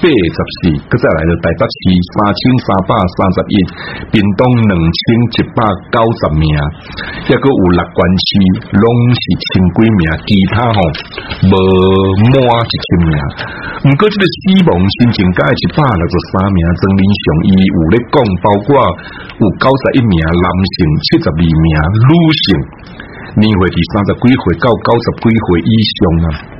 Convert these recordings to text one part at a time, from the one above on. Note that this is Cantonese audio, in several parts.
八十四，佢真係嚟到第八三千三百三十一，屏東兩千一百九十名，一個有六關係，攏是千幾名，其他哦冇滿一千名。唔過，這個希望心情界一百六十三名，鍾英雄，伊有咧講，包括有九十一名男性，七十二名女性，年會第三十幾歲到九十幾歲以上啊。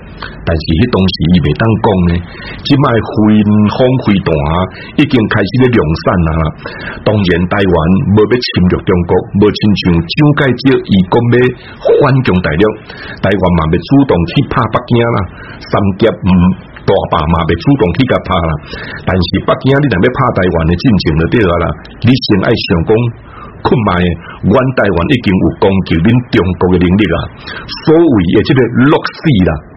但是迄當時伊未當講呢，即賣恢方恢啊，已經開始咧，量產啊。當然，台灣無要侵略中國，無親像蔣介石伊講要反攻大陸，台灣嘛要主動去拍北京啦，三甲唔大爸嘛要主動去甲拍啦。但是北京你若要拍台灣進程情就啲啦，你淨愛想講，佢賣阮台灣已經有攻擊恁中國誒能力啊，所謂誒即個落勢啦。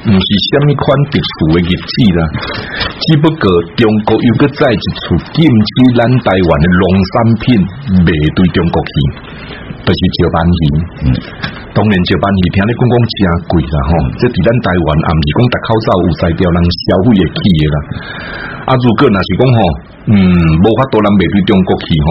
唔是蝦米款特殊嘅日子啦，只不過中國又閣再一次禁止咱台灣嘅農產品賣對中國去，都、就是石斑魚。當然石斑魚，聽你講講真貴啦吼。這咱台灣也唔是講戴口罩有在掉，能消費嘅起業啦。啊，如果若是講吼，嗯，無法度人賣對中國去吼。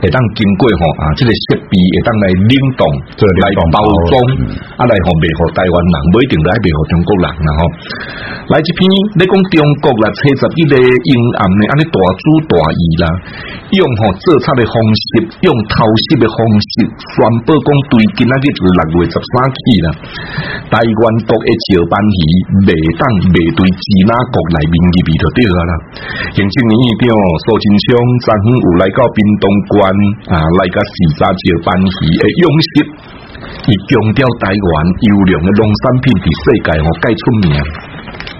會當經過吼啊，即個設備，會當來拎動、來包裝，啊、嗯，來學賣互台灣人，唔一定嚟賣互中國人，吼來一篇你講中國人七十呢個陰暗咧，啊，你大主大義啦，用吼做賊嘅方式，用偷襲嘅方式，宣布講對今仔日六月十三起啦。台灣國嘅石班魚未當未對住嗱國內面嘅味道啲啦。前幾年呢，哦，蘇貞昌、昨昏有來到屏東。關啊！嚟架時差照辦事，誒，用心而強調台灣優良嘅農產品喺世界我蓋出名。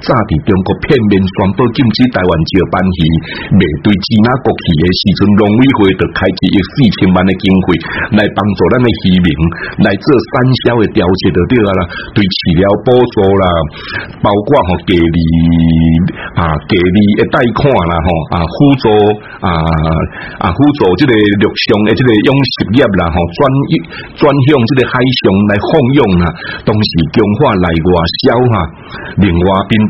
早佇中國片面宣布禁止台灣石斑魚，未對其他國旗嘅時陣，農委會著開起一億四千萬嘅經費來幫助咱們漁民來做三銷嘅調節，就對啊啦。對飼料補助啦，包括吼、哦、隔離啊隔離嘅貸款啦吼啊輔助啊啊輔助，即個陸上嘅即個用實業啦吼、哦，專一轉向即個海上來放用啊，同時強化內外銷啊，另外邊。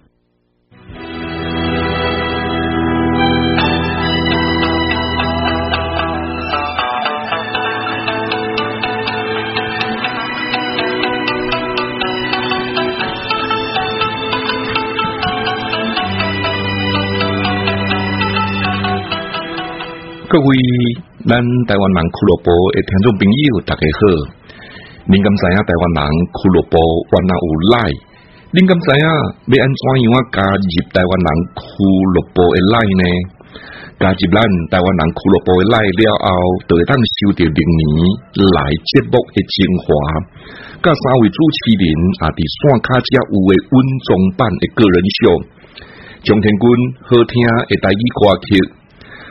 各位，咱台灣人俱樂部的聽眾朋友，大家好！您敢知影台灣人俱樂部原來有賴。您敢知影要安怎樣啊？加入台灣人俱樂部的賴呢？加入咱台灣人俱樂部的賴了後，就會當收到明年來節目嘅精華。甲三位主持人也佇山卡只有嘅穩重版嘅個人秀，張天軍好聽嘅台語歌曲。